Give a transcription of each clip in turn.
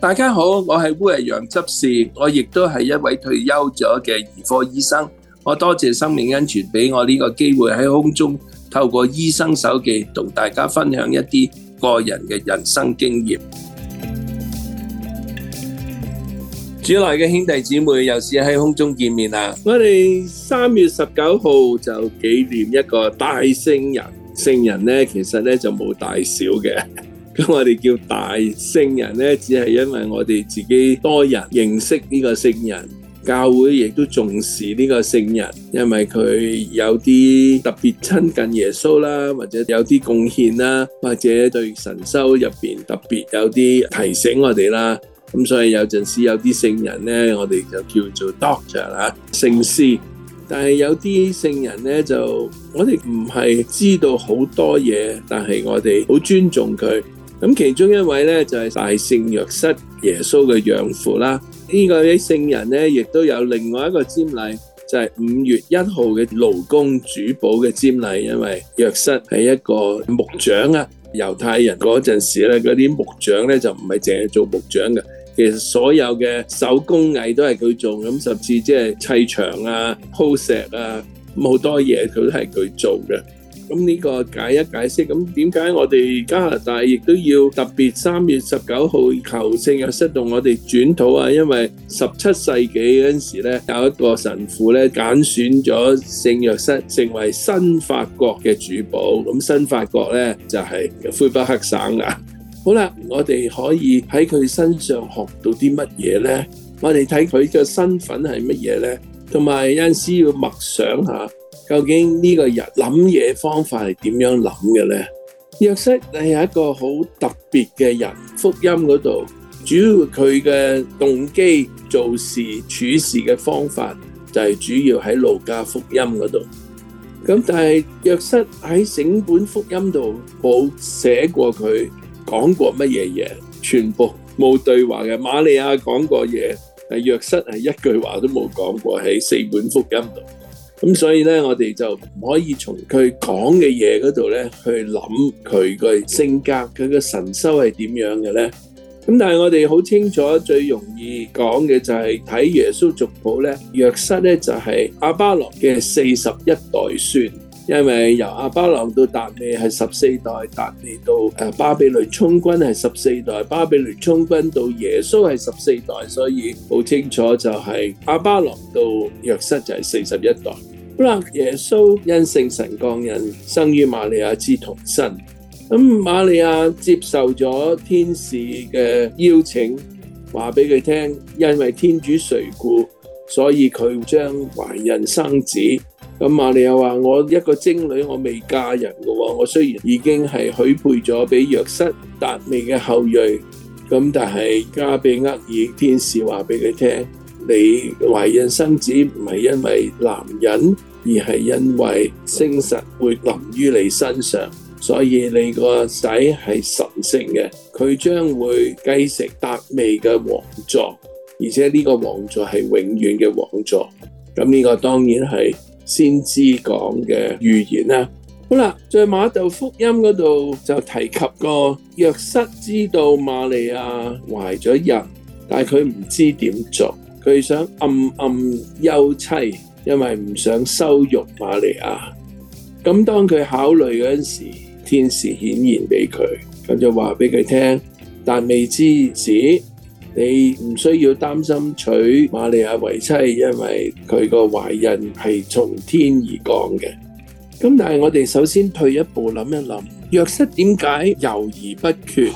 大家好，我係烏日陽執事，我亦都係一位退休咗嘅兒科醫生。我多謝生命恩泉俾我呢個機會喺空中透過醫生手記同大家分享一啲個人嘅人生經驗。主內嘅兄弟姊妹，又試喺空中見面啦！我哋三月十九號就紀念一個大聖人，聖人呢，其實呢就冇大小嘅。咁我哋叫大聖人呢，只係因為我哋自己多人認識呢個聖人，教會亦都重視呢個聖人，因為佢有啲特別親近耶穌啦，或者有啲貢獻啦，或者對神修入邊特別有啲提醒我哋啦。咁所以有陣時有啲聖人呢，我哋就叫做 doctor 啦，聖師。但係有啲聖人呢，就我哋唔係知道好多嘢，但係我哋好尊重佢。咁其中一位咧就係大聖約瑟，耶穌嘅養父啦，呢個啲聖人咧亦都有另外一個瞻禮，就係五月一號嘅勞工主保嘅瞻禮。因為約瑟係一個木匠啊，猶太人嗰陣時咧，嗰啲木匠咧就唔係淨係做木匠嘅，其實所有嘅手工藝都係佢做，咁甚至即係砌牆啊、鋪石啊，咁好多嘢佢都係佢做嘅。咁呢個解一解釋，咁點解我哋加拿大亦都要特別三月十九號求聖約瑟同我哋轉土啊？因為十七世紀嗰陣時咧，有一個神父咧揀選咗聖約瑟成為新法國嘅主保，咁新法國咧就係、是、魁北克省啊。好啦，我哋可以喺佢身上學到啲乜嘢呢？我哋睇佢嘅身份係乜嘢呢？同埋有陣時要默想下。究竟呢個人諗嘢方法係點樣諗嘅呢？約瑟係一個好特別嘅人，福音嗰度主要佢嘅動機、做事、處事嘅方法就係主要喺路加福音嗰度。咁但係約瑟喺整本福音度冇寫過佢講過乜嘢嘢，全部冇對話嘅。瑪利亞講過嘢，但係約瑟係一句話都冇講過喺四本福音度。咁所以咧，我哋就唔可以從佢講嘅嘢嗰度咧，去諗佢個性格、佢個神修係點樣嘅咧。咁但係我哋好清楚，最容易講嘅就係、是、睇耶穌族譜咧。約瑟咧就係亞巴郎嘅四十一代孫，因為由亞巴郎到達味係十四代，達味到巴比倫充軍係十四代，巴比倫充軍到耶穌係十四代，所以好清楚就係、是、亞巴郎到約瑟就係四十一代。好啦，耶穌因聖神降孕，生於瑪利亞之童身。咁瑪利亞接受咗天使嘅邀請，話俾佢聽，因為天主垂顧，所以佢將懷孕生子。咁瑪利亞話：我一個貞女，我未嫁人嘅喎。我雖然已經係許配咗俾約瑟達味嘅後裔，咁但係加俾額爾天使話俾佢聽，你懷孕生子唔係因為男人。而係因為聖神會臨於你身上，所以你個仔係神聖嘅，佢將會繼承達味嘅王座，而且呢個王座係永遠嘅王座。咁呢個當然係先知講嘅預言啦。好啦，在瑪竇福音嗰度就提及過若瑟知道瑪利亞懷咗孕，但係佢唔知點做，佢想暗暗休妻。因為唔想羞辱瑪利亞，咁當佢考慮嗰陣時候，天使顯現俾佢，咁就話俾佢聽：達味之子，你唔需要擔心娶瑪利亞為妻，因為佢個懷孕係從天而降嘅。咁但係我哋首先退一步諗一諗，若瑟點解猶豫不決？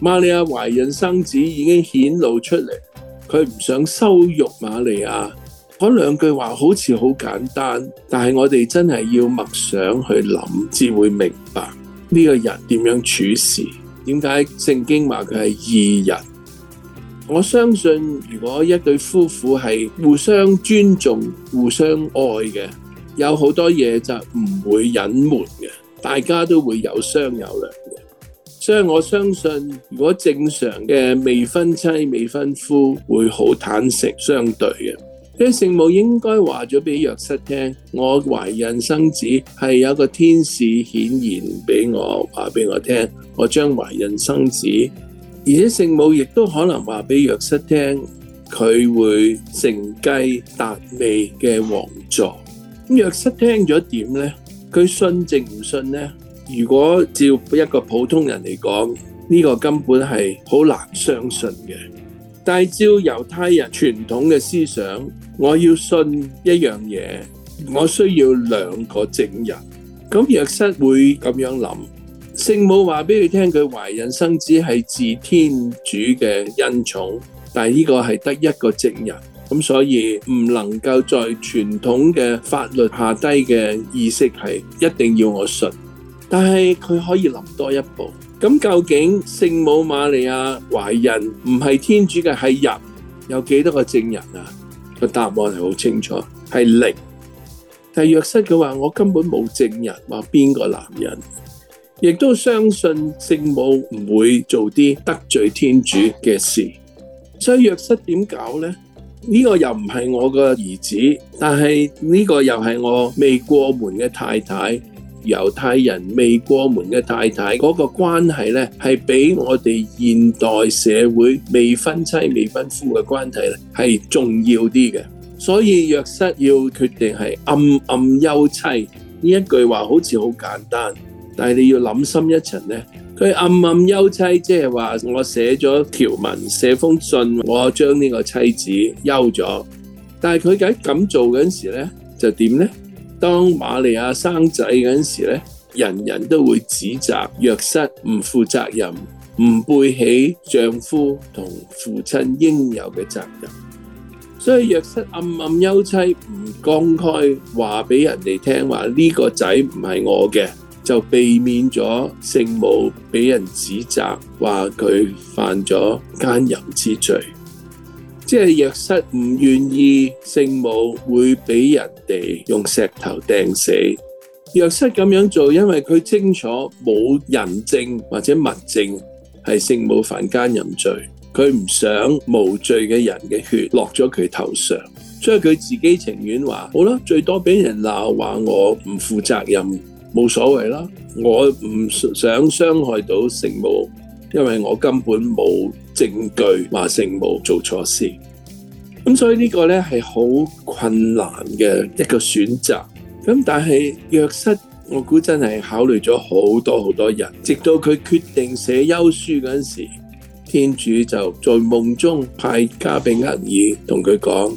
瑪利亞懷孕生子已經顯露出嚟，佢唔想羞辱瑪利亞。嗰兩句話好似好簡單，但係我哋真係要默想去諗，至會明白呢個人點樣處事。點解聖經話佢係義人？我相信，如果一對夫婦係互相尊重、互相愛嘅，有好多嘢就唔會隱瞞嘅，大家都會有商有量嘅。所以我相信，如果正常嘅未婚妻、未婚夫會好坦誠相對嘅。嘅聖母應該話咗俾約瑟聽，我懷孕生子係有個天使顯現俾我話俾我聽，我將懷孕生子。而且聖母亦都可能話俾約瑟聽，佢會承繼達味嘅王座。咁約瑟聽咗點呢？佢信定唔信呢？如果照一個普通人嚟講，呢個根本係好難相信嘅。但係照猶太人傳統嘅思想。我要信一樣嘢，我需要兩個證人。咁若瑟會咁樣諗，聖母話俾佢聽，佢懷孕生子係自天主嘅恩寵，但係呢個係得一個證人，咁所以唔能夠在傳統嘅法律下低嘅意識係一定要我信，但係佢可以諗多一步。咁究竟聖母瑪利亞懷孕唔係天主嘅係人，有幾多個證人啊？個答案係好清楚，係零。但係若瑟佢話我根本冇證人，話邊個男人，亦都相信聖母唔會做啲得罪天主嘅事。所以若瑟點搞咧？呢個又唔係我個兒子，但係呢個又係我未過門嘅太太。猶太人未過門嘅太太嗰個關係咧，係比我哋現代社會未婚妻未婚夫嘅關係咧係重要啲嘅。所以若瑟要決定係暗暗休妻呢一句話，好似好簡單，但係你要諗深一層咧，佢暗暗休妻，即係話我寫咗條文、寫封信，我將呢個妻子休咗。但係佢喺咁做嗰陣時咧，就點咧？當瑪利亞生仔嗰陣時咧，人人都會指責若瑟唔負責任，唔背起丈夫同父親應有嘅責任，所以若瑟暗暗休妻，唔公開話俾人哋聽話呢個仔唔係我嘅，就避免咗聖母俾人指責話佢犯咗奸淫之罪。即係若瑟唔願意聖母會俾人哋用石頭掟死，若瑟咁樣做，因為佢清楚冇人證或者物證係聖母犯奸淫罪，佢唔想無罪嘅人嘅血落咗佢頭上，所以佢自己情願話好啦，最多俾人鬧話我唔負責任，冇所謂啦，我唔想傷害到聖母，因為我根本冇。證據話聖母做錯事，咁所以呢個呢係好困難嘅一個選擇。咁但係約瑟，我估真係考慮咗好多好多人，直到佢決定寫休書嗰陣時候，天主就在夢中派加俾額爾同佢講：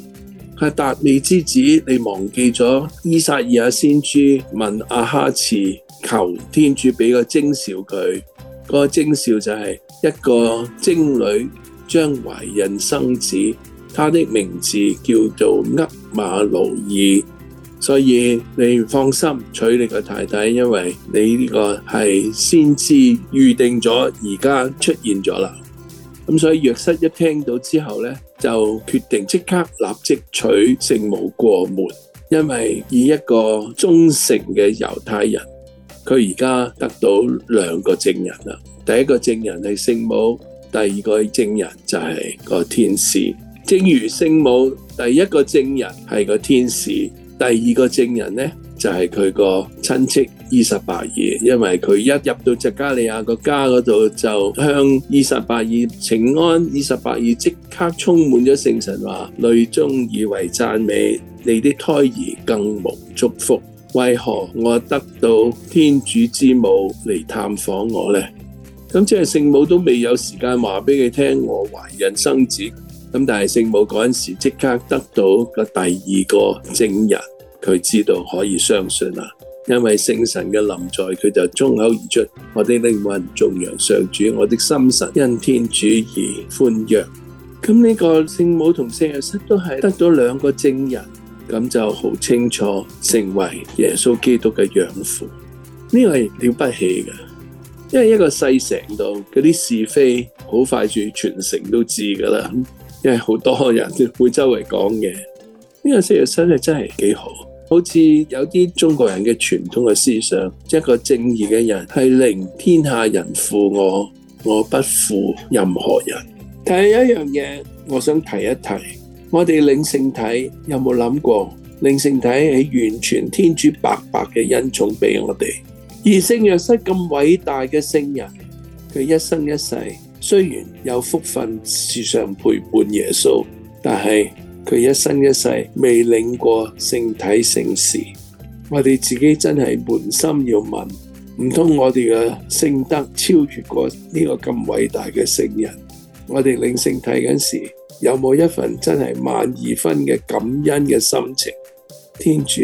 阿達利之子，你忘記咗伊撒意阿先知問阿哈次求天主俾個徵兆佢。個徵兆就係一個貞女將懷孕生子，她的名字叫做厄馬奴爾，所以你放心娶你個太太，因為你呢個係先知預定咗，而家出現咗啦。咁所以約瑟一聽到之後呢，就決定即刻立即娶聖母過門，因為以一個忠誠嘅猶太人。佢而家得到兩個證人啦，第一個證人係聖母，第二個證人就係個天使。正如聖母第一個證人係個天使，第二個證人呢，就係佢個親戚依撒伯爾，因為佢一入到匝加利亞個家嗰度，就向依撒伯爾請安，依撒伯爾即刻充滿咗聖神話，內中以為讚美，你的胎兒更無祝福。為何我得到天主之母嚟探訪我呢？咁即係聖母都未有時間話俾佢聽我懷孕生子。咁但係聖母嗰陣時即刻得到個第二個證人，佢知道可以相信啦。因為聖神嘅臨在，佢就衝口而出。我的靈魂頌揚上主，我的心神因天主而歡躍。咁呢個聖母同聖約瑟都係得到兩個證人。咁就好清楚成為耶穌基督嘅養父，呢個係了不起嘅，因為一個細城度嗰啲是非，好快就全城都知噶啦，因為好多人會周圍講嘅。呢個世界真真係幾好，好似有啲中國人嘅傳統嘅思想，一個正義嘅人係令天下人負我，我不負任何人。但係有一樣嘢，我想提一提。我哋領聖體有冇諗過？領聖體係完全天主白白嘅恩寵俾我哋。而聖若瑟咁偉大嘅聖人，佢一生一世雖然有福分，時常陪伴耶穌，但係佢一生一世未領過聖體聖事。我哋自己真係捫心要問，唔通我哋嘅聖德超越過呢個咁偉大嘅聖人？我哋領聖體嗰時，有冇一份真係萬二分嘅感恩嘅心情？天主，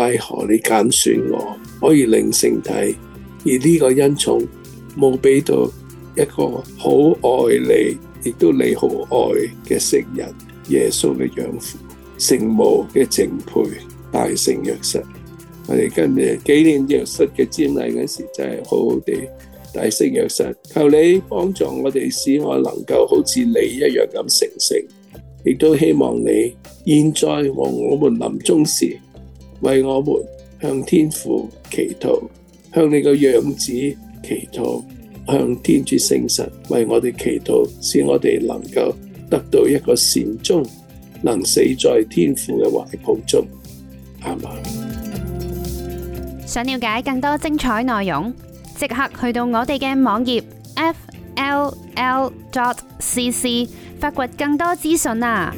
為何你揀選我可以領聖體，而呢個恩寵冇俾到一個好愛你，亦都你好愛嘅聖人耶穌嘅養父、聖母嘅淨配大聖若瑟。我哋今日紀念若瑟嘅瞻禮嗰時，真係好好哋。大聖約瑟，求你幫助我哋，使我能夠好似你一樣咁成聖，亦都希望你現在和我們臨終時，為我們向天父祈禱，向你個樣子祈禱，向天主聖神為我哋祈禱，使我哋能夠得到一個善終，能死在天父嘅懷抱中，阿們。想了解更多精彩內容。即刻去到我哋嘅網頁 fll dot c c，發掘更多資訊啊！